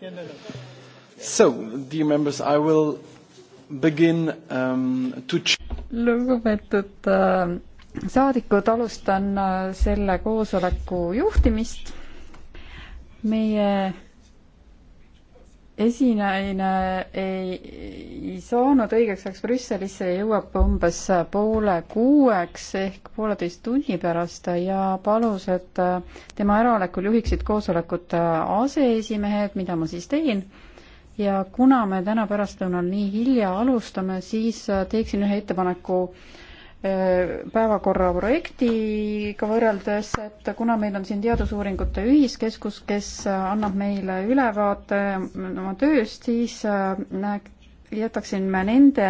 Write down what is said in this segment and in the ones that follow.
Yeah, no, no. So, dear members, I will begin um, to lugupeetud äh, saadikud, alustan äh, selle koosoleku juhtimist. meie esinaine ei, ei saanud õigeks ajaks Brüsselisse ja jõuab umbes poole kuueks ehk pooleteist tunni pärast ja palus, et äh, tema äraolekul juhiksid koosolekut äh, aseesimehed, mida ma siis teen. ja kuna me täna pärastlõunal nii hilja alustame, siis äh, teeksin ühe ettepaneku äh, päevakorra projektiga võrreldes, et kuna meil on siin teadusuuringute ühiskeskus, kes annab meile ülevaate oma tööst, siis äh, jätaksin me nende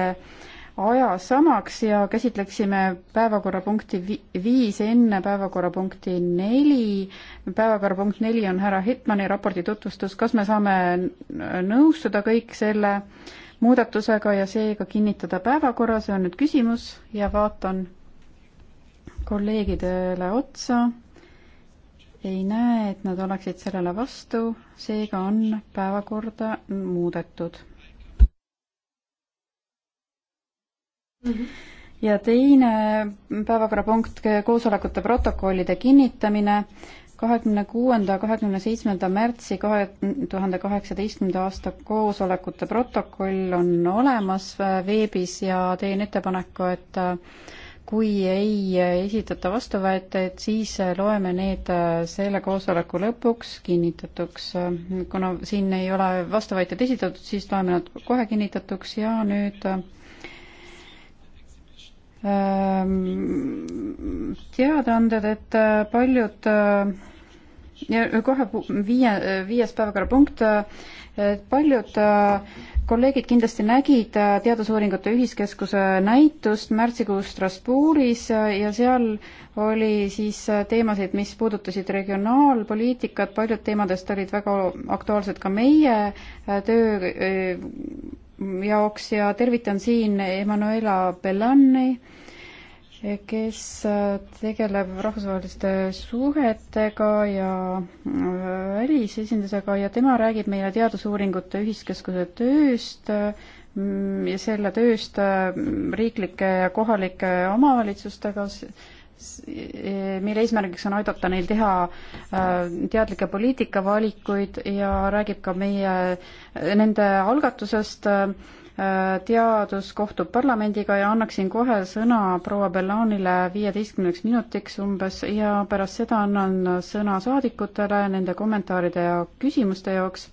aja samaks ja käsitleksime päevakorrapunkti viis enne päevakorrapunkti neli. päevakorrapunkt neli on härra Hetmani raporti tutvustus, kas me saame nõustuda kõik selle äh, muudatusega ja seega kinnitada päevakorra, see on nüüd küsimus ja vaatan kolleegidele otsa. ei näe, et nad oleksid sellele vastu, seega on päevakorda muudetud. ja teine päevakorrapunkt, koosolekute protokollide kinnitamine kahekümne kuuenda, kahekümne seitsmenda märtsi kahe tuhande kaheksateistkümnenda aasta koosolekute protokoll on olemas äh, veebis ja teen ettepaneku, et äh, kui ei esitata vastuväiteid, siis äh, loeme need selle koosoleku lõpuks kinnitatuks. kuna siin ei ole vastuväiteid esitatud, siis loeme nad kohe kinnitatuks ja nüüd Ehm, teadaanded, et äh, paljud äh, ja äh, kohe viie, viies päevakorrapunkt, paljud kolleegid kindlasti nägid Teadusuuringute Ühiskeskuse näitust märtsikuus Strasbourgis ja seal oli siis teemasid, mis puudutasid regionaalpoliitikat, paljud teemadest olid väga aktuaalsed ka meie töö jaoks ja tervitan siin Emanuela Bellani, kes äh, tegeleb rahvusvaheliste suhetega ja äh, välisesindusega ja tema räägib meile teadusuuringute ühiskeskuse tööst mm, ja selle tööst äh, riiklike ja kohalike omavalitsustega E, mille eesmärgiks on aidata neil teha äh, teadlikke poliitikavalikuid ja räägib ka meie, nende algatusest. Äh, teadus kohtub parlamendiga ja annaksin kohe sõna proua Bellanile viieteistkümneks minutiks umbes ja pärast seda annan sõna saadikutele nende kommentaaride ja küsimuste jaoks.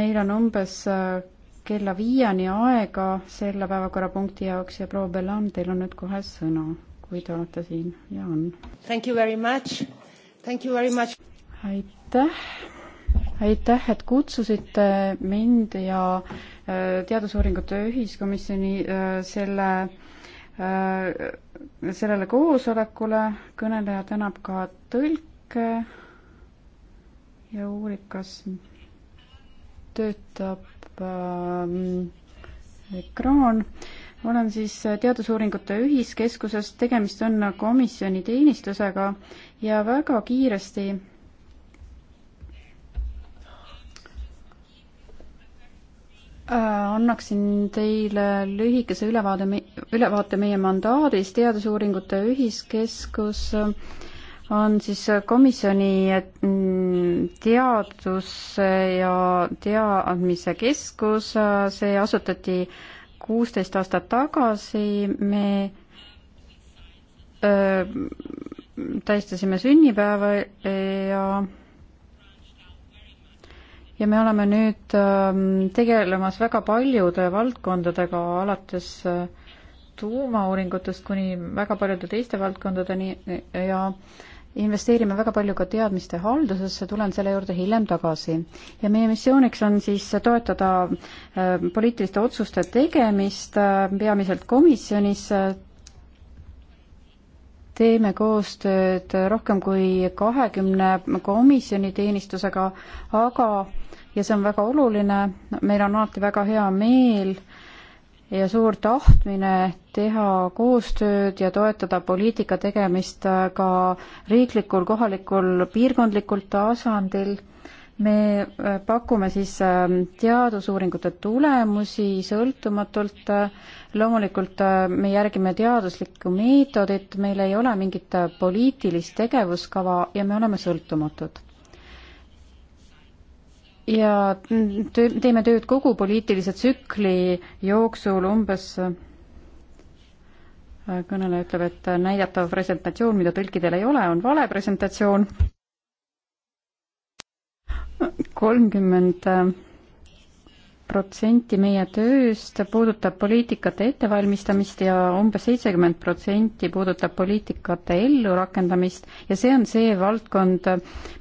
meil on umbes äh, kella viieni aega selle päevakorrapunkti jaoks ja proua Bellan, teil on nüüd kohe sõna kui te olete siin ja on. Thank you very much, thank you very much. aitäh, aitäh, et kutsusite mind ja äh, teadusuuringute ühiskomisjoni äh, selle äh, sellele koosolekule, kõneleja tänab ka tõlke ja uurib, kas töötab ähm, ekraan äh, olen siis Teadusuuringute Ühiskeskusest, tegemist on komisjoni teenistusega ja väga kiiresti äh, annaksin teile lühikese ülevaade, ülevaate meie mandaadist, Teadusuuringute Ühiskeskus on siis komisjoni mm, teaduse ja teadmise keskus, see asutati kuusteist aastat tagasi me öö, tähistasime sünnipäeva ja ja me oleme nüüd tegelemas väga paljude valdkondadega, alates tuumauuringutest kuni väga paljude teiste valdkondadeni ja äh, investeerime väga palju ka teadmiste haldusesse, tulen selle juurde hiljem tagasi. ja meie missiooniks on siis toetada äh, poliitiliste otsuste tegemist äh, peamiselt komisjonis, teeme koostööd rohkem kui kahekümne komisjoni teenistusega, aga ja see on väga oluline, meil on alati väga hea meel äh, ja suur tahtmine teha koostööd ja toetada poliitika tegemist ka riiklikul, kohalikul, piirkondlikul tasandil. me äh, pakume siis ähm, teadusuuringute tulemusi sõltumatult. loomulikult äh, me järgime teaduslikku meetodit, meil ei ole mingit äh, poliitilist tegevuskava ja me oleme sõltumatud ja teeme tööd kogu poliitilise tsükli jooksul umbes äh, kõneleja ütleb, et näidatav presentatsioon, mida tõlkidel ei ole, on vale presentatsioon. kolmkümmend 30 äh, protsenti meie tööst puudutab poliitikate ettevalmistamist ja umbes seitsekümmend protsenti puudutab poliitikate ellurakendamist ja see on see valdkond,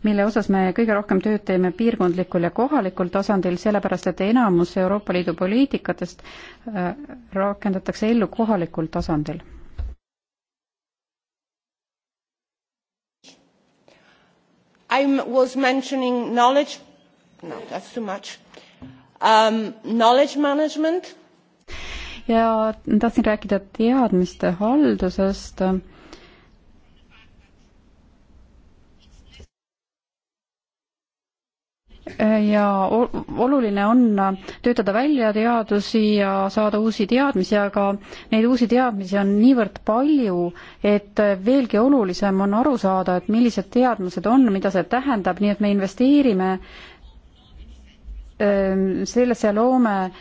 mille osas me kõige rohkem tööd teeme piirkondlikul ja kohalikul tasandil, sellepärast et enamus Euroopa Liidu poliitikatest äh, rakendatakse ellu kohalikul tasandil I was mentioning knowledge. No, that's too much um, knowledge management. ja tahtsin rääkida teadmiste haldusest. ja oluline on töötada välja teadusi ja saada uusi teadmisi, aga neid uusi teadmisi on niivõrd palju, et veelgi olulisem on aru saada, et millised teadmised on, mida see tähendab, nii et me investeerime äh, Ehm, sellesse loome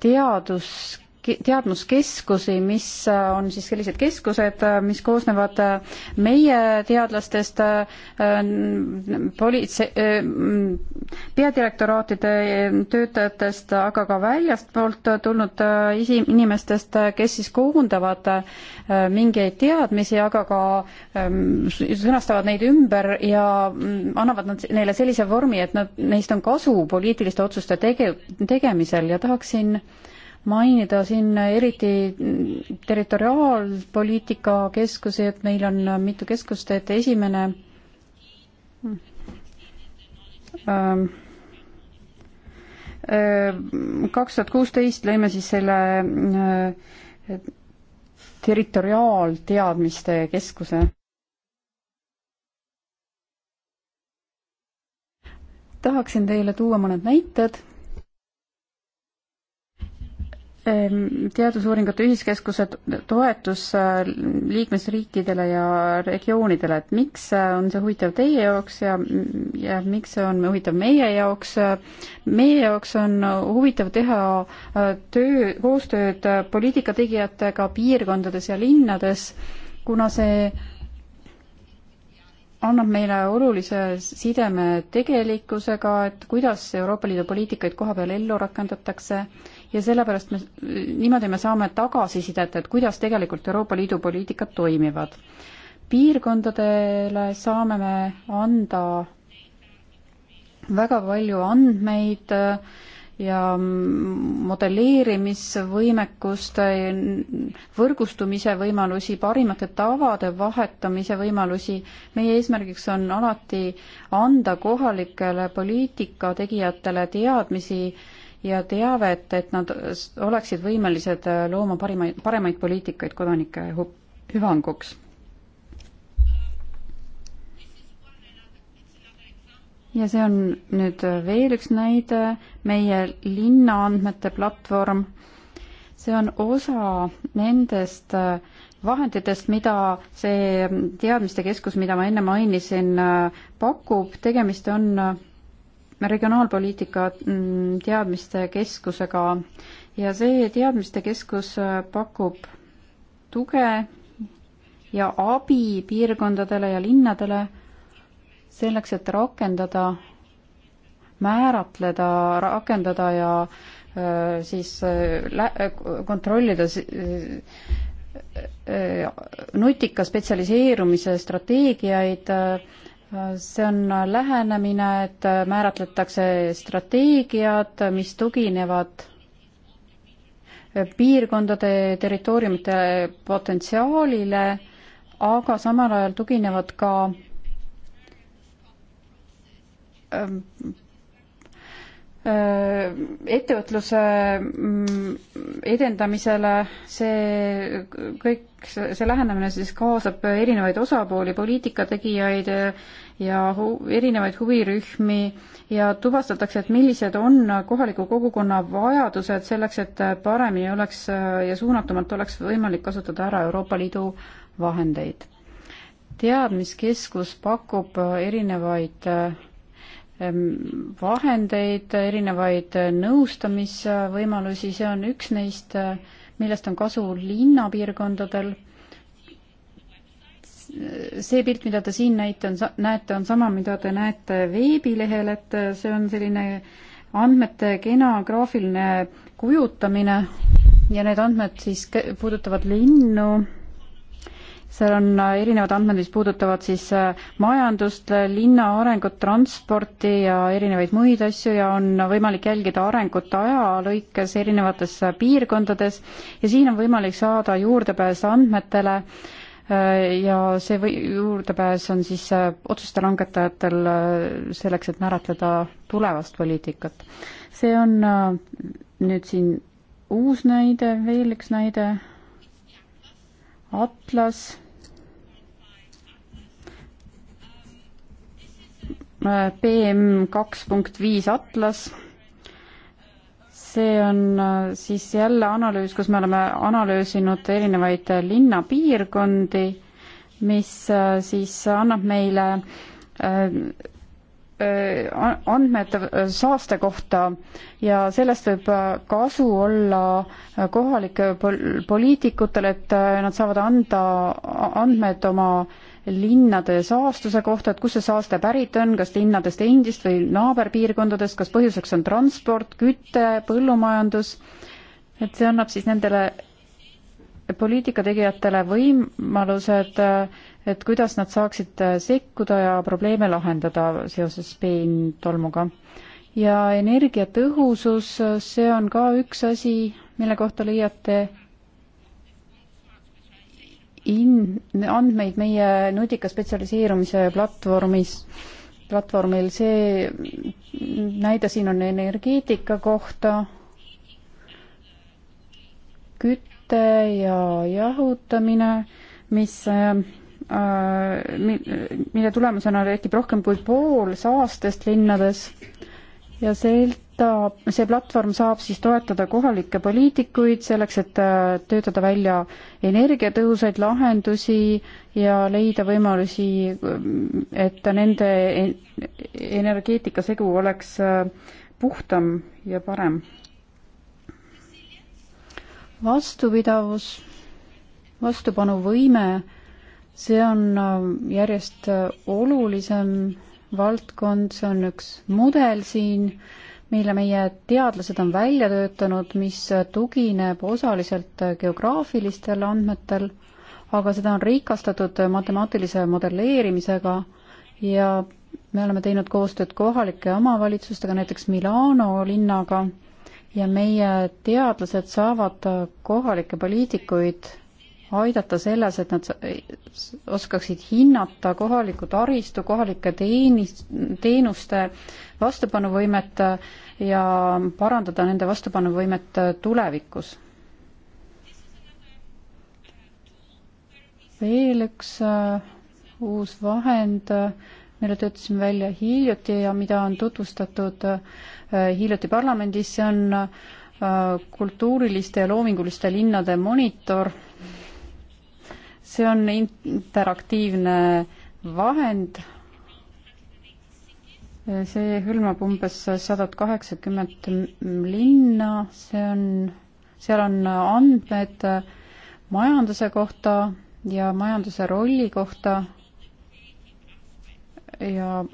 teadus teadmuskeskusi, mis äh, on siis sellised keskused, äh, mis koosnevad äh, meie teadlastest, politsei, peadirektoraatide töötajatest, aga ka väljastpoolt tulnud isi-, inimestest, kes siis koondavad mingeid teadmisi, aga ka ähm, sõnastavad neid ümber ja mm, annavad nad, neile sellise vormi, et nad, neist on kasu poliitiliste otsuste tege-, tegemisel ja tahaksin äh, mainida siin eriti territoriaalpoliitika keskusi, et meil on mitu keskust, et esimene ähm, äh, kaks tuhat kuusteist lõime siis selle äh, territoriaalteadmiste keskuse. tahaksin teile tuua mõned näited Ehm, teadusuuringute ühiskeskuse toetus äh, liikmesriikidele ja regioonidele, et miks äh, on see huvitav teie jaoks ja, ja miks see on huvitav meie jaoks? meie jaoks on huvitav teha äh, töö, koostööd poliitikategijatega piirkondades ja linnades, kuna see annab meile olulise sideme tegelikkusega, et kuidas Euroopa Liidu poliitikaid kohapeal ellu rakendatakse ja sellepärast me, niimoodi me saame tagasisidet, et kuidas tegelikult Euroopa Liidu poliitikad toimivad. piirkondadele saame me anda väga palju andmeid äh, ja modelleerimisvõimekust, võrgustumise võimalusi, parimate tavade vahetamise võimalusi. meie eesmärgiks on alati anda kohalikele poliitikategijatele teadmisi äh, ja teavet, et nad oleksid võimelised äh, looma parimaid, paremaid poliitikaid kodanike hüvanguks. ja see on nüüd äh, veel üks näide, meie linnaandmete platvorm, see on osa nendest äh, vahenditest, mida see mm, teadmiste keskus, mida ma enne mainisin, pakub, tegemist on regionaalpoliitika mm, teadmiste keskusega ja see teadmiste keskus äh, pakub tuge ja abi piirkondadele ja linnadele selleks, et rakendada, määratleda, rakendada ja äh, siis äh, kontrollida nutika spetsialiseerumise strateegiaid see on lähenemine, et määratletakse strateegiad, mis tuginevad piirkondade, territooriumite potentsiaalile, aga samal ajal tuginevad ka ähm, Äh, ettevõtluse mm, edendamisele, see kõik, see lähenemine siis kaasab erinevaid osapooli, poliitikategijaid ja hu-, erinevaid huvirühmi ja tuvastatakse, et millised on kohaliku kogukonna vajadused selleks, et paremini oleks ja suunatumalt oleks võimalik kasutada ära Euroopa Liidu vahendeid. teadmiskeskus pakub erinevaid Ehm, vahendeid, erinevaid nõustamisvõimalusi, see on üks neist, eh, millest on kasu linnapiirkondadel. see pilt, mida te siin näite, on, näete, on sama, mida te näete veebilehel, et eh, see on selline andmete kena graafiline kujutamine ja need andmed siis puudutavad linnu seal on äh, erinevad andmed, mis puudutavad siis äh, majandust, äh, linna arengut, transporti ja erinevaid muid asju ja on võimalik jälgida arengut ajalõikes erinevates piirkondades ja siin on võimalik saada juurdepääs andmetele ja see või-, juurdepääs on siis otsuste langetajatel selleks, et määratleda tulevast poliitikat. see on nüüd siin uus näide, veel üks näide Atlas PM kaks punkt viis Atlas. see on äh, siis jälle analüüs, kus me oleme analüüsinud erinevaid äh, linnapiirkondi, mis äh, siis annab meile Äh, andmed äh, saaste kohta ja sellest võib äh, kasu olla kohalike poliitikutele, et nad saavad anda andmed oma linnade saastuse kohta, et kust see saaste pärit on, kas linnadest endist või naaberpiirkondadest, kas põhjuseks on transport, küte, põllumajandus, et see annab siis nendele poliitikategijatele võimalused, et kuidas nad saaksid sekkuda ja probleeme lahendada seoses peentolmuga. ja energiatõhusus, see on ka üks asi, mille kohta leiate in-, andmeid meie nutika spetsialiseerumise platvormis, platvormil, see näide siin on energeetika kohta, küt-, küte ja jahutamine, mis äh, mille tulemusena tekib rohkem kui pool saastest linnades ja selta, see platvorm saab siis toetada kohalikke poliitikuid selleks, et äh, töötada välja energiatõhusaid lahendusi ja leida võimalusi, et nende energeetikasegu oleks äh, puhtam ja parem vastupidavus, vastupanuvõime, see on ähm, järjest äh, olulisem valdkond, see on üks mudel siin, mille meie teadlased on välja töötanud, mis äh, tugineb osaliselt äh, geograafilistel andmetel, aga seda on rikastatud matemaatilise modelleerimisega ja me oleme teinud koostööd kohalike omavalitsustega, näiteks Milano linnaga ja meie teadlased saavad kohalikke poliitikuid aidata selles, et nad oskaksid hinnata kohaliku taristu, kohalike teenist, teenuste vastupanuvõimet ja parandada nende vastupanuvõimet tulevikus. veel üks äh, uus vahend, äh, mille töötasime välja hiljuti ja mida on tutvustatud äh, Äh, hiljuti parlamendis, see on äh, kultuuriliste ja loominguliste linnade monitor. see on interaktiivne vahend, äh, see hõlmab umbes sadat kaheksakümmet linna, see on, seal on andmed majanduse kohta ja majanduse rolli kohta ja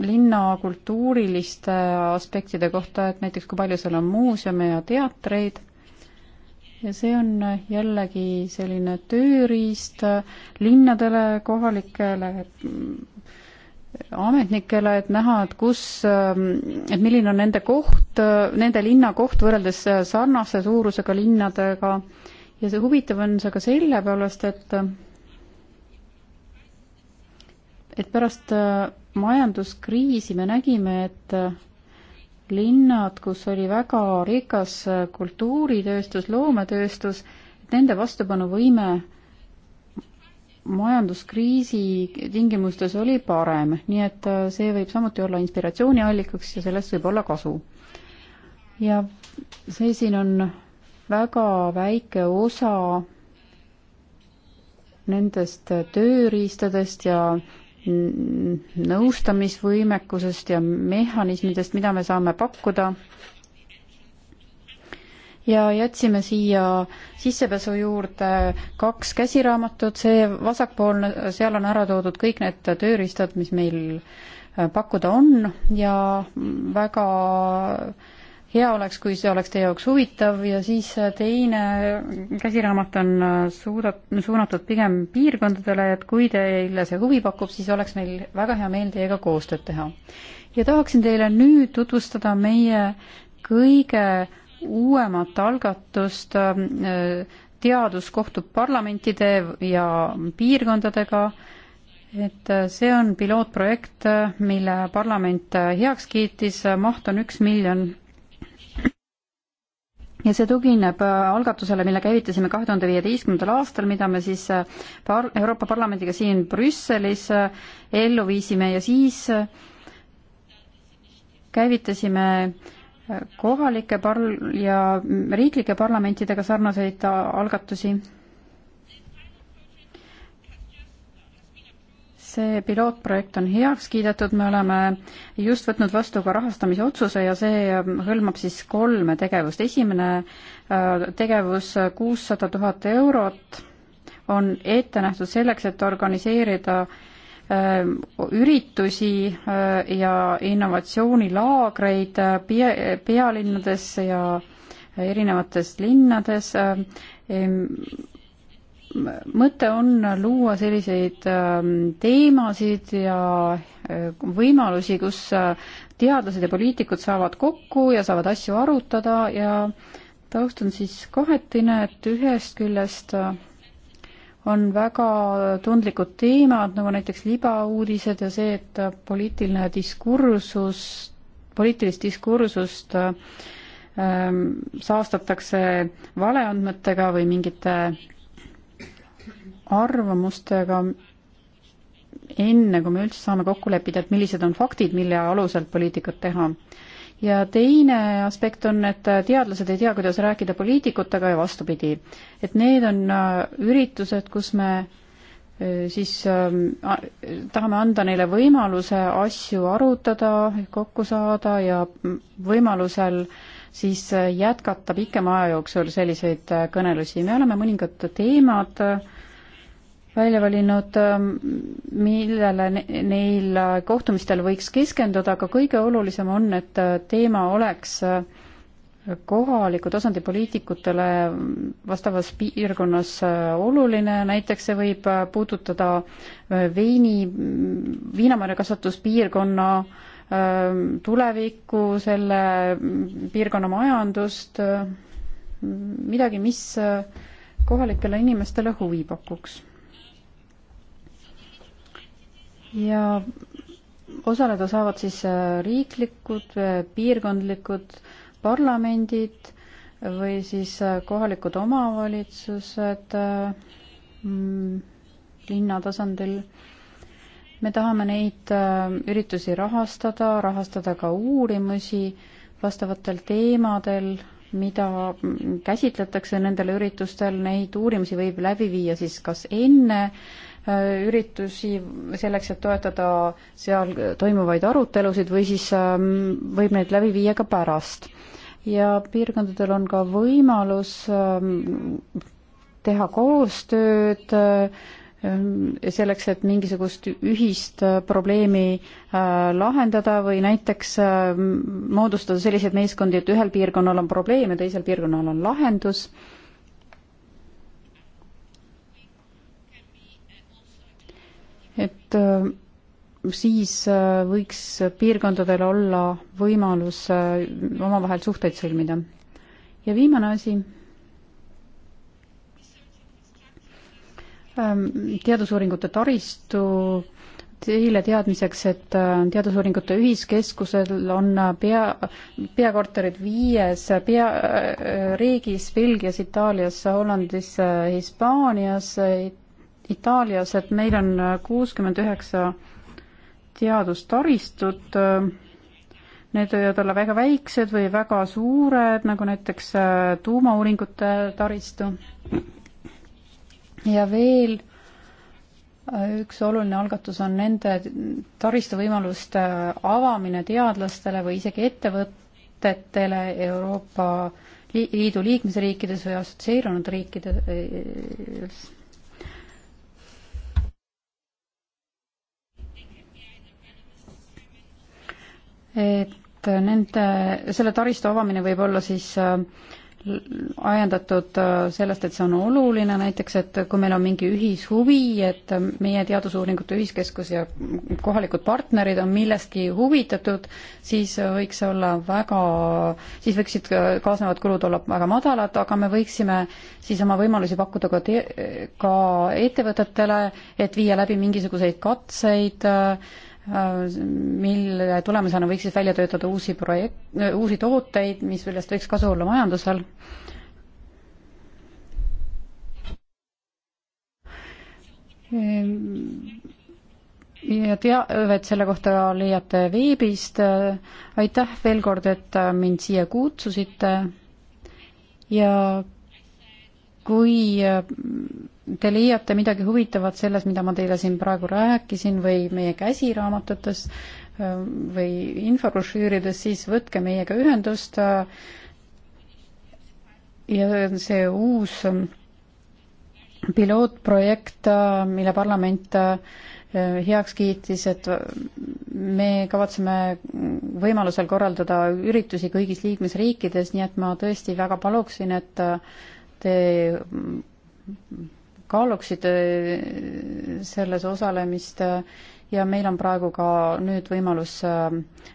linna kultuuriliste aspektide kohta, et näiteks kui palju seal on muuseume ja teatreid. ja see on jällegi selline tööriist linnadele, kohalikele ametnikele, et näha, et kus, et milline on nende koht, nende linna koht võrreldes sarnase suurusega linnadega. ja see huvitav on see ka sellepärast, et et pärast äh, majanduskriisi me nägime, et äh, linnad, kus oli väga rikas äh, kultuuritööstus, loometööstus, et nende vastupanuvõime majanduskriisi tingimustes oli parem, nii et see võib samuti olla inspiratsiooniallikaks ja sellest võib olla kasu. ja see siin on väga väike osa nendest tööriistadest ja äh, nõustamisvõimekusest ja mehhanismidest, mida me saame pakkuda. ja jätsime siia sissepääsu juurde kaks käsiraamatut, see vasakpoolne, seal on ära toodud kõik need tööriistad, mis meil äh, pakkuda on ja väga äh, hea oleks, kui see oleks teie jaoks huvitav ja siis teine käsiraamat on äh, suudat-, suunatud pigem piirkondadele, et kui teile see huvi pakub, siis oleks meil väga hea meel teiega koostööd teha. ja tahaksin teile nüüd tutvustada meie kõige uuemat algatust äh, teadus kohtub parlamentide ja piirkondadega, et äh, see on pilootprojekt, mille parlament heaks kiitis, maht on üks miljon ja see tugineb äh, algatusele, mille käivitasime kahe tuhande viieteistkümnendal aastal, mida me siis äh, par-, Euroopa Parlamendiga siin Brüsselis äh, ellu viisime ja siis käivitasime kohalike par- ja riiklike parlamentidega sarnaseid algatusi see pilootprojekt on heaks kiidetud, me oleme just võtnud vastu ka rahastamise otsuse ja see ähm, hõlmab siis kolme tegevust. esimene äh, tegevus, äh, kuussada tuhat eurot, on ette nähtud selleks, et organiseerida ähm, üritusi äh, ja innovatsioonilaagreid pea, pealinnades ja erinevates linnades ähm, mõte on luua selliseid ähm, teemasid ja äh, võimalusi, kus äh, teadlased ja poliitikud saavad kokku ja saavad asju arutada ja taust on siis kahetine, et ühest küljest äh, on väga tundlikud teemad, nagu näiteks libauudised ja see, et poliitiline diskursus, poliitilist diskursust ähm, saastatakse valeandmetega või mingite arvamustega enne, kui me üldse saame kokku leppida, et millised on faktid, mille alusel poliitikat teha. ja teine aspekt on, et teadlased ei tea, kuidas rääkida poliitikutega ja vastupidi. et need on äh, üritused, kus me äh, siis äh, tahame anda neile võimaluse asju arutada, kokku saada ja võimalusel siis äh, jätkata pikema aja jooksul selliseid kõnelusi. me oleme mõningad teemad äh, välja valinud, ähm, millele neil kohtumistel võiks keskenduda, aga kõige olulisem on, et äh, teema oleks äh, kohaliku tasandi poliitikutele vastavas piirkonnas äh, oluline, näiteks see võib puudutada veini, viinamarja kasvatuspiirkonna ähm, tulevikku, selle mm, piirkonna majandust, midagi, mis kohalikele inimestele huvi pakuks ja osaleda saavad siis äh, riiklikud, äh, piirkondlikud parlamendid või siis äh, kohalikud omavalitsused mm, linna tasandil. me tahame neid üritusi rahastada, rahastada ka uurimusi vastavatel teemadel, mida mm, käsitletakse nendel üritustel, neid uurimisi võib läbi viia siis kas enne äh, Äh, üritusi selleks, et toetada seal toimuvaid arutelusid või siis ähm, võib neid läbi viia ka pärast. ja piirkondadel on ka võimalus ähm, teha koostööd äh, selleks, et mingisugust ühist äh, probleemi lahendada või näiteks moodustada selliseid meeskondi, et ühel piirkonnal on probleem ja teisel piirkonnal on lahendus et äh, siis äh, võiks piirkondadel olla võimalus äh, omavahel suhteid sõlmida. ja viimane asi. Ähm, teadusuuringute taristu. Teile teadmiseks, et Teadusuuringute Ühiskeskusel on pea, peakorterid viies pea, riigis, Belgias, Itaalias, Hollandis, Hispaanias, Itaalias, et meil on kuuskümmend üheksa teadustaristut. Need võivad olla väga väiksed või väga suured, nagu näiteks äh, tuumauuringute taristu. ja veel äh, üks oluline algatus on nende taristuvõimaluste äh, avamine teadlastele või isegi ettevõtetele Euroopa Liidu liikmesriikides või assotsieerunud riikides et nende, selle taristu avamine võib olla siis äh, ajendatud äh, sellest, et see on oluline, näiteks et kui meil on mingi ühishuvi, et meie teadusuuringute ühiskeskus ja kohalikud partnerid on millestki huvitatud, siis võiks olla väga, siis võiksid kaasnevad kulud olla väga madalad, aga me võiksime siis oma võimalusi pakkuda ka te-, ka ettevõtetele, et viia läbi mingisuguseid katseid äh, mille tulemusena võiks siis välja töötada uusi projekt, uusi tooteid, mis, millest võiks kasu olla majandusel. ja teavet selle kohta leiate veebist. aitäh veel kord, et mind siia kutsusite ja kui äh, te leiate midagi huvitavat selles, mida ma teile siin praegu rääkisin või meie käsiraamatutes äh, või infobrošüürides, siis võtke meiega ühendust. Äh, ja see uus pilootprojekt, mille parlament heaks kiitis, et me kavatseme võimalusel korraldada üritusi kõigis liikmesriikides, nii et ma tõesti väga paluksin, et te kaaluksite selles osalemist ja meil on praegu ka nüüd võimalus äh,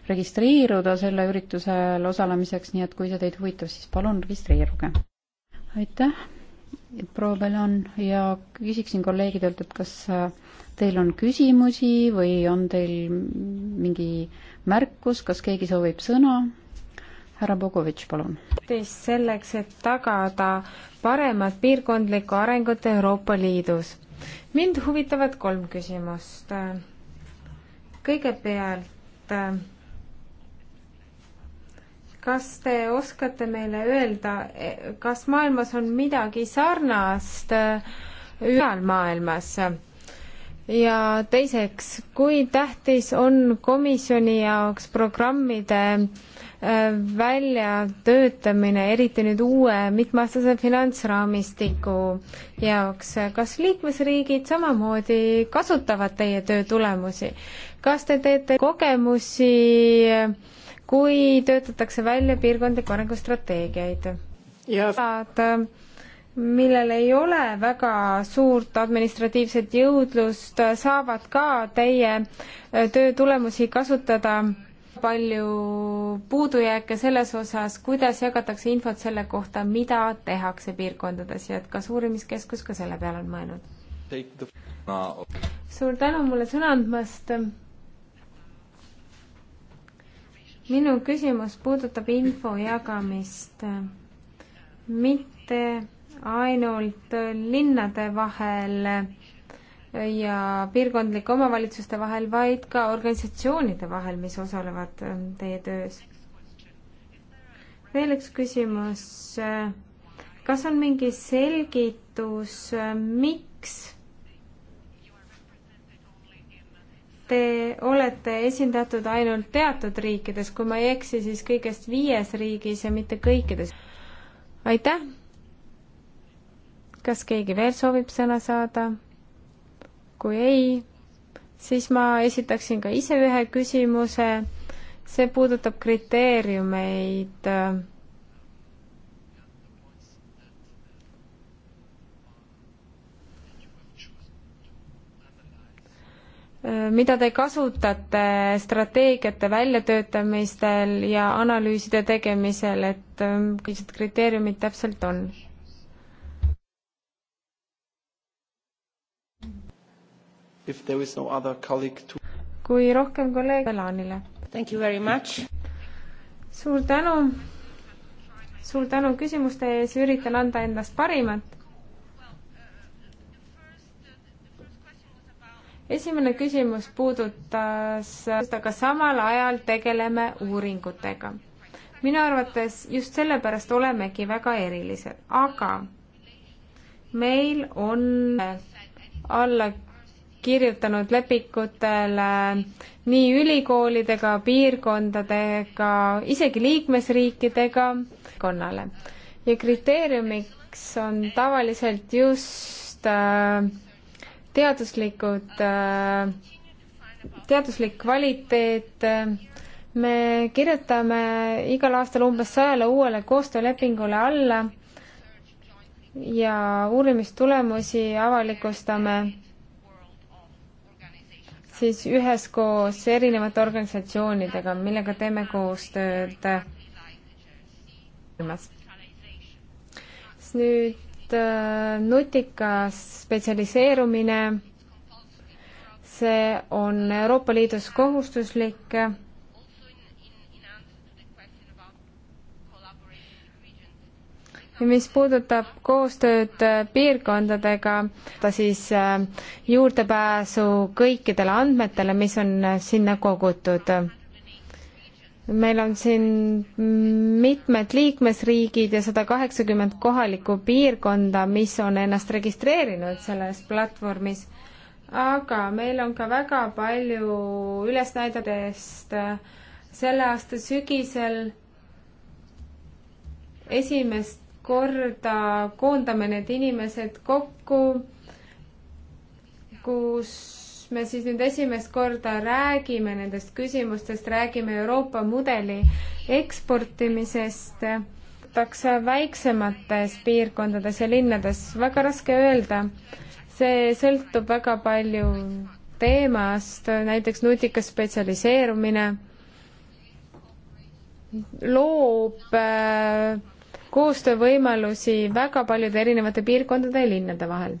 registreeruda selle üritusel osalemiseks, nii et kui see teid huvitab, siis palun registreeruge. aitäh, proua Belon ja küsiksin kolleegidelt, et kas äh, teil on küsimusi või on teil mingi märkus, kas keegi soovib sõna? härra Bogovitš, palun. selleks, et tagada paremat piirkondlikku arengut Euroopa Liidus. mind huvitavad kolm küsimust. kõigepealt, kas te oskate meile öelda, kas maailmas on midagi sarnast ülal maailmas? ja teiseks, kui tähtis on komisjoni jaoks programmide äh, Äh, väljatöötamine, eriti nüüd uue mitmeaastase finantsraamistiku jaoks. kas liikmesriigid samamoodi kasutavad teie töö tulemusi? kas te teete kogemusi, kui töötatakse välja piirkondliku arengustrateegiaid? saad, millel ei ole väga suurt administratiivset jõudlust, saavad ka teie äh, töö tulemusi kasutada palju puudujääke selles osas, kuidas jagatakse infot selle kohta, mida tehakse piirkondades ja et kas uurimiskeskus ka selle peale on mõelnud? suur tänu mulle sõna andmast. minu küsimus puudutab info jagamist mitte ainult linnade vahel ja piirkondlike omavalitsuste vahel, vaid ka organisatsioonide vahel, mis osalevad äh, teie töös. veel üks küsimus. Äh, kas on mingi selgitus, äh, miks te olete esindatud ainult teatud riikides, kui ma ei eksi, siis kõigest viies riigis ja mitte kõikides. aitäh! kas keegi veel soovib sõna saada? kui ei, siis ma esitaksin ka ise ühe küsimuse. see puudutab kriteeriumeid. mida te kasutate strateegiate väljatöötamistel ja analüüside tegemisel, et millised kriteeriumid täpselt on? if there is no other colleague to kui rohkem kolleege Elanile. Thank you very much. suur tänu. suur tänu küsimuste ees, üritan anda endast parimat. esimene küsimus puudutas seda, kas samal ajal tegeleme uuringutega. minu arvates just sellepärast olemegi väga erilised, aga meil on alla kirjutanud lepikutele nii ülikoolidega, piirkondadega, isegi liikmesriikidega, konnale. ja kriteeriumiks on tavaliselt just äh, teaduslikud äh,, teaduslik kvaliteet äh,, me kirjutame igal aastal umbes sajale uuele koostöölepingule alla ja uurimistulemusi avalikustame siis üheskoos erinevate organisatsioonidega, millega teeme koostööd. nüüd äh, nutikas spetsialiseerumine, see on Euroopa Liidus kohustuslik mis puudutab koostööd äh, piirkondadega, ta siis äh, juurdepääsu kõikidele andmetele, mis on äh, sinna kogutud. meil on siin mitmed liikmesriigid ja sada kaheksakümmend kohalikku piirkonda, mis on ennast registreerinud selles platvormis, aga meil on ka väga palju ülesnäidetest selle aasta sügisel esimest korda koondame need inimesed kokku, kus me siis nüüd esimest korda räägime nendest küsimustest, räägime Euroopa mudeli eksportimisest, võetakse väiksemates piirkondades ja linnades, väga raske öelda. see sõltub väga palju teemast, näiteks nutikas spetsialiseerumine loob äh, koostöövõimalusi väga paljude erinevate piirkondade ja linnade vahel.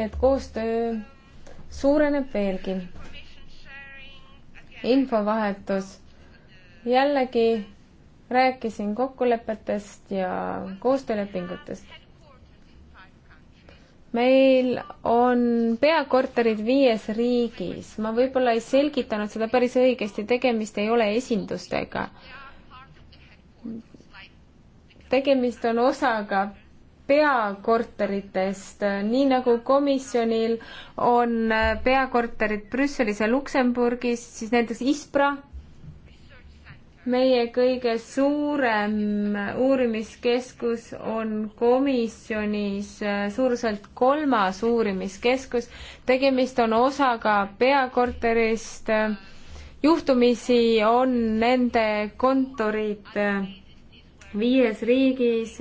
et koostöö suureneb veelgi. infovahetus, jällegi rääkisin kokkulepetest ja koostöölepingutest. meil on peakorterid viies riigis, ma võib-olla ei selgitanud seda päris õigesti, tegemist ei ole esindustega tegemist on osaga peakorteritest, nii nagu komisjonil on peakorterid Brüsselis ja Luksemburgis, siis näiteks ISPRA, meie kõige suurem uurimiskeskus on komisjonis äh, suuruselt kolmas uurimiskeskus, tegemist on osaga peakorterist, juhtumisi on nende kontorid äh, viies riigis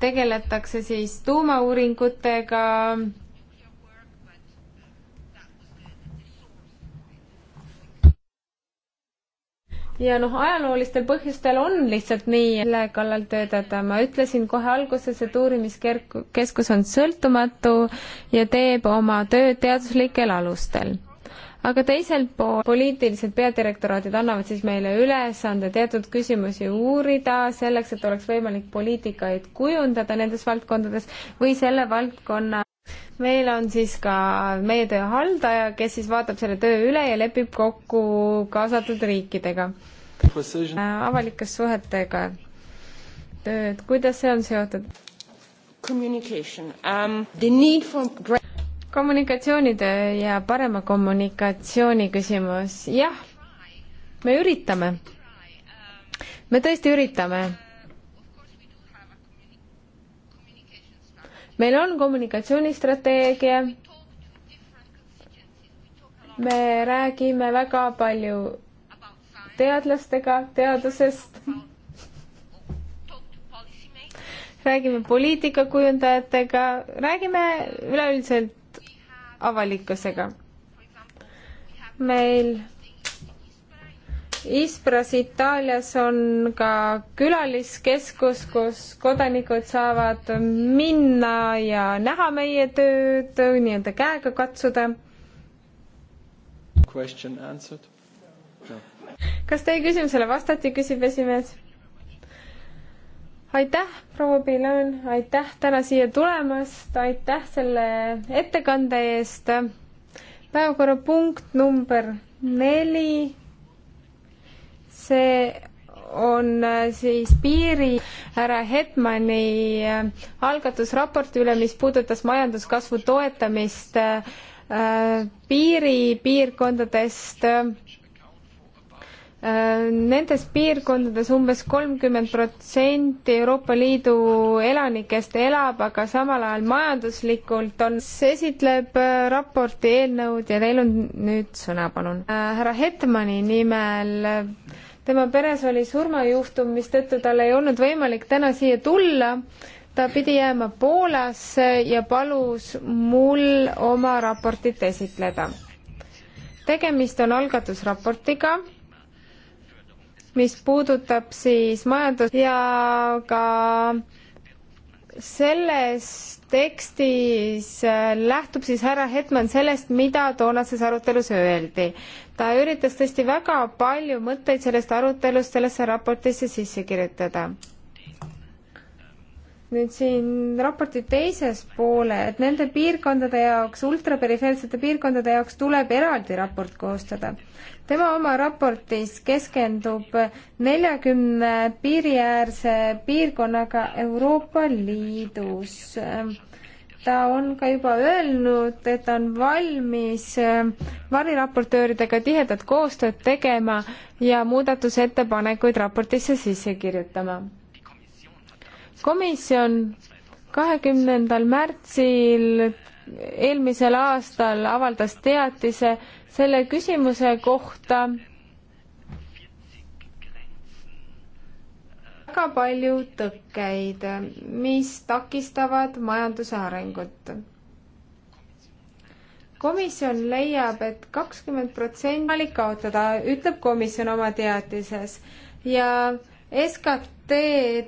tegeletakse siis tuumauuringutega. ja noh, ajaloolistel põhjustel on lihtsalt nii, mille kallal töötada. ma ütlesin kohe alguses, et uurimiskeskus on sõltumatu ja teeb oma tööd teaduslikel alustel aga teiselt pool poliitilised peadirektoraadid annavad siis meile ülesande teatud küsimusi uurida selleks, et oleks võimalik poliitikaid kujundada nendes valdkondades või selle valdkonna meil on siis ka meie töö haldaja, kes siis vaatab selle töö üle ja lepib kokku kaasatud riikidega. Äh, avalikes suhetega tööd, kuidas see on seotud? Communication um,, the need for kommunikatsioonitöö ja parema kommunikatsiooni küsimus, jah, me üritame. me tõesti üritame. meil on kommunikatsioonistrateegia, me räägime väga palju teadlastega teadusest räägime poliitikakujundajatega, räägime üleüldiselt avalikkusega. meil Ispras Itaalias on ka külaliskeskus, kus kodanikud saavad minna ja näha meie tööd, nii-öelda käega katsuda. No. kas teie küsimusele vastati, küsib esimees? aitäh, proua Pilan, aitäh täna siia tulemast, aitäh selle ettekande eest. päevakorrapunkt number neli. see on äh, siis piiri härra Hetmani äh, algatusraporti üle, mis puudutas majanduskasvu toetamist äh, piiripiirkondadest Äh, nendes piirkondades umbes kolmkümmend protsenti Euroopa Liidu elanikest elab, aga samal ajal majanduslikult on, esitleb äh, raporti eelnõud ja teil on nüüd sõna, palun. Äh, härra Hetmani nimel, tema peres oli surmajuhtum, mistõttu tal ei olnud võimalik täna siia tulla. ta pidi jääma Poolasse ja palus mul oma raportit esitleda. tegemist on algatusraportiga mis puudutab siis majandus- ja ka selles tekstis äh, lähtub siis härra Hetman sellest, mida toonases arutelus öeldi. ta üritas tõesti väga palju mõtteid sellest arutelust sellesse raportisse sisse kirjutada. nüüd siin raporti teises poole, et nende piirkondade jaoks, ultraperifeersete piirkondade jaoks tuleb eraldi raport koostada tema oma raportis keskendub neljakümne piiriäärse piirkonnaga Euroopa Liidus. ta on ka juba öelnud, et on valmis variraportööridega tihedat koostööd tegema ja muudatusettepanekuid raportisse sisse kirjutama. komisjon kahekümnendal märtsil eelmisel aastal avaldas teatise, selle küsimuse kohta väga palju tõkkeid, mis takistavad majanduse arengut. komisjon leiab et, et kakskümmend protsenti võimalik kaotada, ütleb komisjon oma teatises ja SKT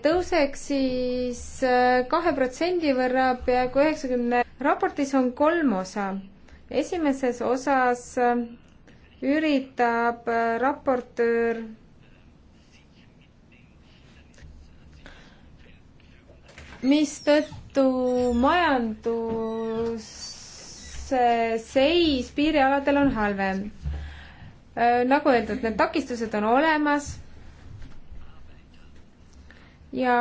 tõuseks siis kahe protsendi võrra peaaegu üheksakümne. raportis on kolm osa esimeses osas äh, üritab äh, raportöör mistõttu majanduse seis piirialadel on halvem. Äh, nagu öeldud, need takistused on olemas ja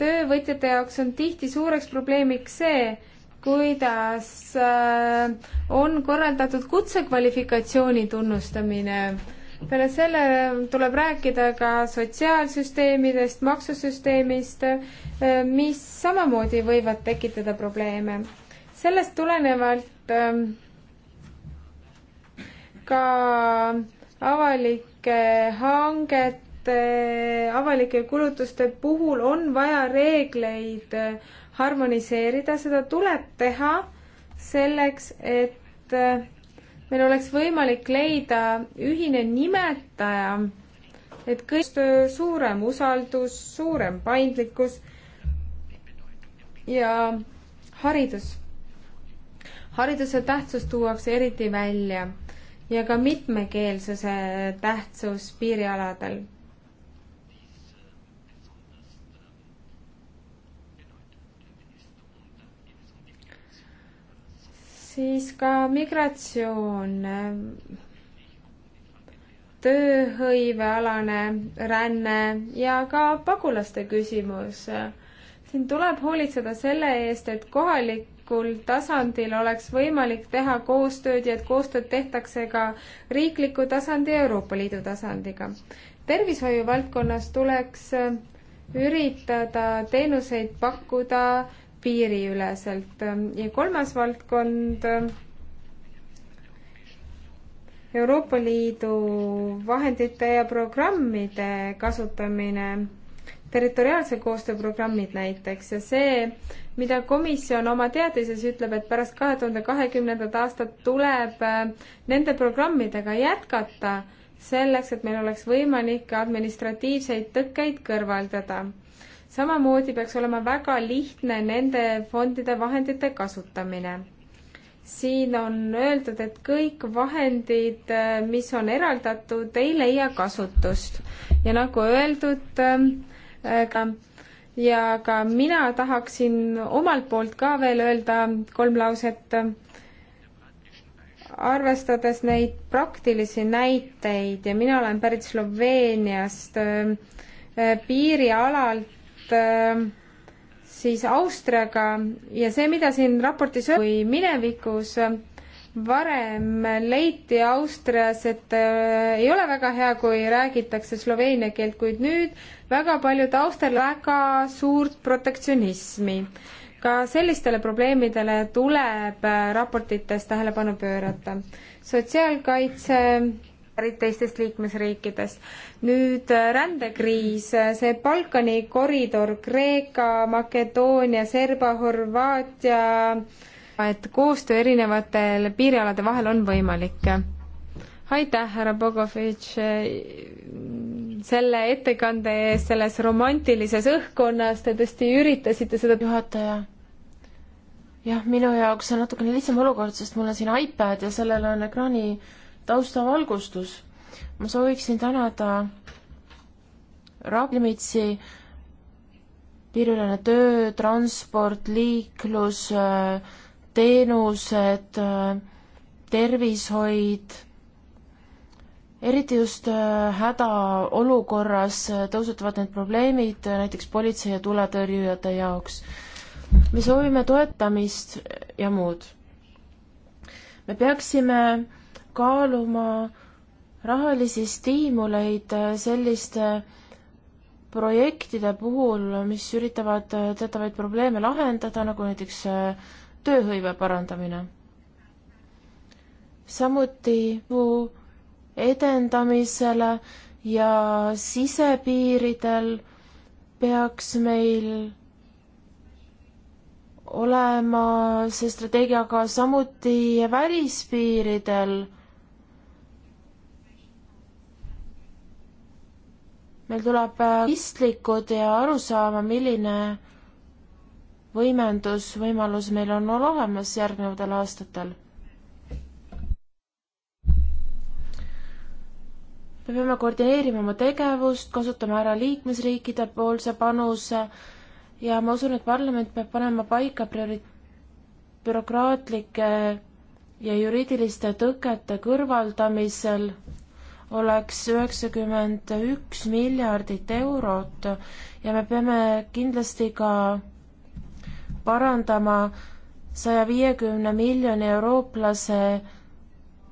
töövõtjate jaoks on tihti suureks probleemiks see, kuidas äh, on korraldatud kutsekvalifikatsiooni tunnustamine. peale selle tuleb rääkida ka sotsiaalsüsteemidest, maksusüsteemist, äh, mis samamoodi võivad tekitada probleeme. sellest tulenevalt äh, ka avalike hangete, avalike kulutuste puhul on vaja reegleid harmoniseerida, seda tuleb teha selleks, et äh, meil oleks võimalik leida ühine nimetaja, et kõik suurem usaldus, suurem paindlikkus ja haridus. hariduse tähtsus tuuakse eriti välja ja ka mitmekeelsuse tähtsus piirialadel siis ka migratsioon, tööhõivealane ränne ja ka pagulaste küsimus. siin tuleb hoolitseda selle eest, et kohalik riiklikul tasandil oleks võimalik teha koostööd ja et koostööd tehtakse ka riikliku tasandi ja Euroopa Liidu tasandiga. tervishoiu valdkonnas tuleks üritada teenuseid pakkuda piiriüleselt. ja kolmas valdkond, Euroopa Liidu vahendite ja programmide kasutamine, territoriaalse koostöö programmid näiteks ja see, mida komisjon oma teadises ütleb, et pärast kahe tuhande kahekümnendat aastat tuleb äh, nende programmidega jätkata selleks, et meil oleks võimalik administratiivseid tõkkeid kõrvaldada samamoodi peaks olema väga lihtne nende fondide vahendite kasutamine. siin on öeldud, et kõik vahendid, äh, mis on eraldatud, ei leia kasutust ja nagu öeldud ähm, äh,, ka ja ka mina tahaksin omalt poolt ka veel öelda kolm lauset, äh, arvestades neid praktilisi näiteid ja mina olen pärit Sloveeniast, äh, piirialalt Ähm, siis Austriaga ja see, mida siin raportis või minevikus ähm, varem leiti Austrias, et äh, ei ole väga hea, kui räägitakse sloveenia keelt, kuid nüüd väga paljud austrial- väga suurt protektsionismi. ka sellistele probleemidele tuleb äh, raportites tähelepanu pöörata. sotsiaalkaitse äh, pärit teistest liikmesriikidest. nüüd äh, rändekriis, äh, see Balkani koridor, Kreeka, Makedoonia, Serbia, Horvaatia, et koostöö erinevatel piirialade vahel on võimalik. aitäh, härra Bogovitš, äh, selle ettekande eest selles romantilises õhkkonnas, te tõesti üritasite seda juhataja jah, minu jaoks on natukene lihtsam olukord, sest mul on siin iPad ja sellel on ekraani äh, taustavalgustus. ma sooviksin tänada Rablimitsi piiriülene töö, transport, liiklus, teenused, tervishoid, eriti just äh, hädaolukorras äh, tõusetuvad need probleemid äh, näiteks politsei ja tuletõrjujate jaoks. me soovime toetamist ja muud. me peaksime kaaluma rahalisi stiimuleid äh, selliste projektide puhul, mis üritavad äh, teatavaid probleeme lahendada, nagu näiteks äh, tööhõive parandamine. samuti edendamisele ja sisepiiridel peaks meil olema see strateegia, aga samuti välispiiridel meil tuleb mõistlikud äh, ja aru saama, milline võimendusvõimalus meil on olemas järgnevatel aastatel. me peame koordineerima oma tegevust, kasutama ära liikmesriikide poolse panuse ja ma usun, et parlament peab panema paika priori-, bürokraatlike ja juriidiliste tõkete kõrvaldamisel oleks üheksakümmend üks miljardit eurot ja me peame kindlasti ka parandama saja viiekümne miljoni eurooplase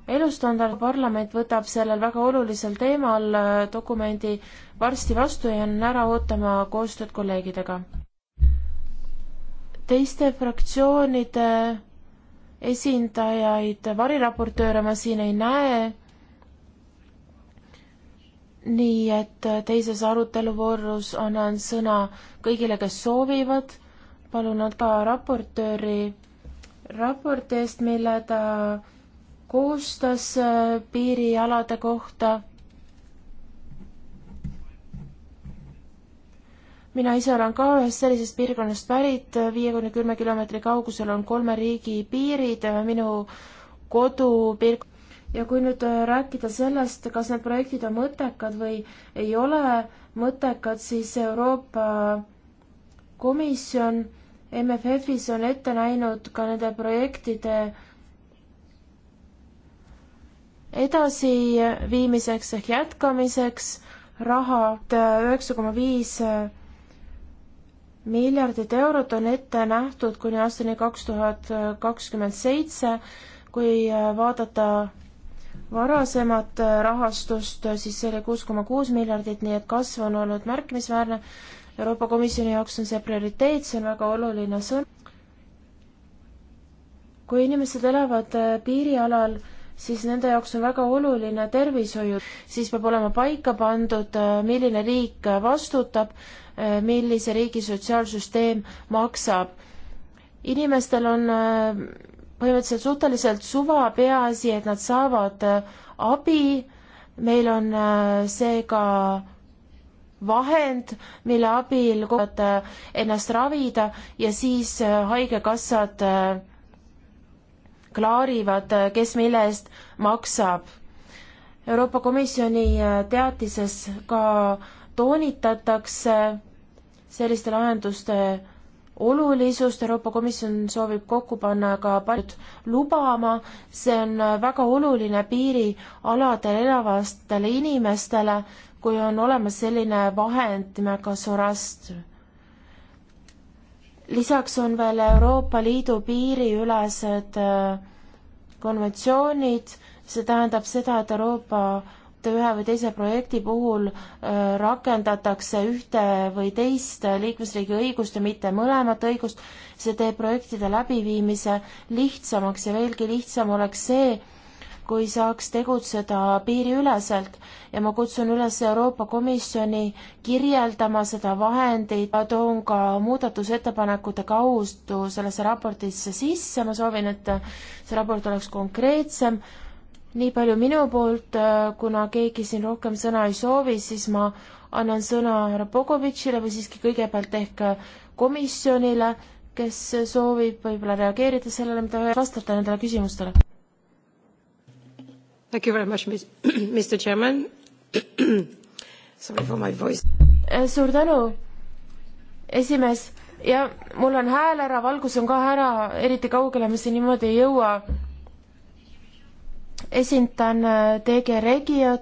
elustandard, parlament võtab sellel väga olulisel teemal äh, dokumendi varsti vastu ja jään ära ootama koostööd kolleegidega. teiste fraktsioonide esindajaid, variraportööre ma siin ei näe nii et äh, teises aruteluvoorus annan sõna kõigile, kes soovivad. palun andke raportööri raporti eest, mille ta koostas äh, piirialade kohta. mina ise olen ka ühest sellisest piirkonnast pärit, viie kuni kümme kilomeetri kaugusel on kolme riigi piirid, minu kodupiirkond ja kui nüüd äh, rääkida sellest, kas need projektid on mõttekad või ei ole mõttekad, siis Euroopa Komisjon MFF-is on ette näinud ka nende projektide edasiviimiseks ehk jätkamiseks raha üheksa koma viis äh, miljardit eurot on ette nähtud kuni aastani kaks tuhat äh, kakskümmend seitse, kui vaadata varasemat äh, rahastust, äh, siis see oli kuus koma kuus miljardit, nii et kasv on olnud märkimisväärne. Euroopa Komisjoni jaoks on see prioriteet, see on väga oluline sõnum. kui inimesed elavad äh, piirialal, siis nende jaoks on väga oluline tervishoiu, siis peab olema paika pandud, milline riik vastutab, millise riigi sotsiaalsüsteem maksab. inimestel on põhimõtteliselt suhteliselt suva, peaasi, et nad saavad äh, abi, meil on äh, seega vahend, mille abil kohad äh, ennast ravida ja siis haigekassad klaarivad, kes mille eest maksab. Euroopa Komisjoni teatises ka toonitatakse selliste lahenduste olulisust, Euroopa Komisjon soovib kokku panna ka paljud lubama, see on väga oluline piirialadel elavatele inimestele, kui on olemas selline vahend nimega Sorast. lisaks on veel Euroopa Liidu piiriülesed äh, konventsioonid, see tähendab seda, et Euroopa et ühe või teise projekti puhul äh, rakendatakse ühte või teist liikmesriigi õigust ja mitte mõlemat õigust, see teeb projektide läbiviimise lihtsamaks ja veelgi lihtsam oleks see, kui saaks tegutseda piiriüleselt ja ma kutsun üles Euroopa Komisjoni kirjeldama seda vahendit, ma toon ka muudatusettepanekute kaudu sellesse raportisse sisse, ma soovin, et see raport oleks konkreetsem, nii palju minu poolt, äh, kuna keegi siin rohkem sõna ei soovi, siis ma annan sõna härra Bogovitšile või siiski kõigepealt ehk komisjonile, kes soovib võib-olla reageerida sellele, mida vastata nendele küsimustele. Thank you very much, Mr Chairman Sorry for my voice. Äh, suur tänu, esimees. jah, mul on hääl ära, valgus on ka ära, eriti kaugele me siin niimoodi ei jõua esindan TG äh, Regiot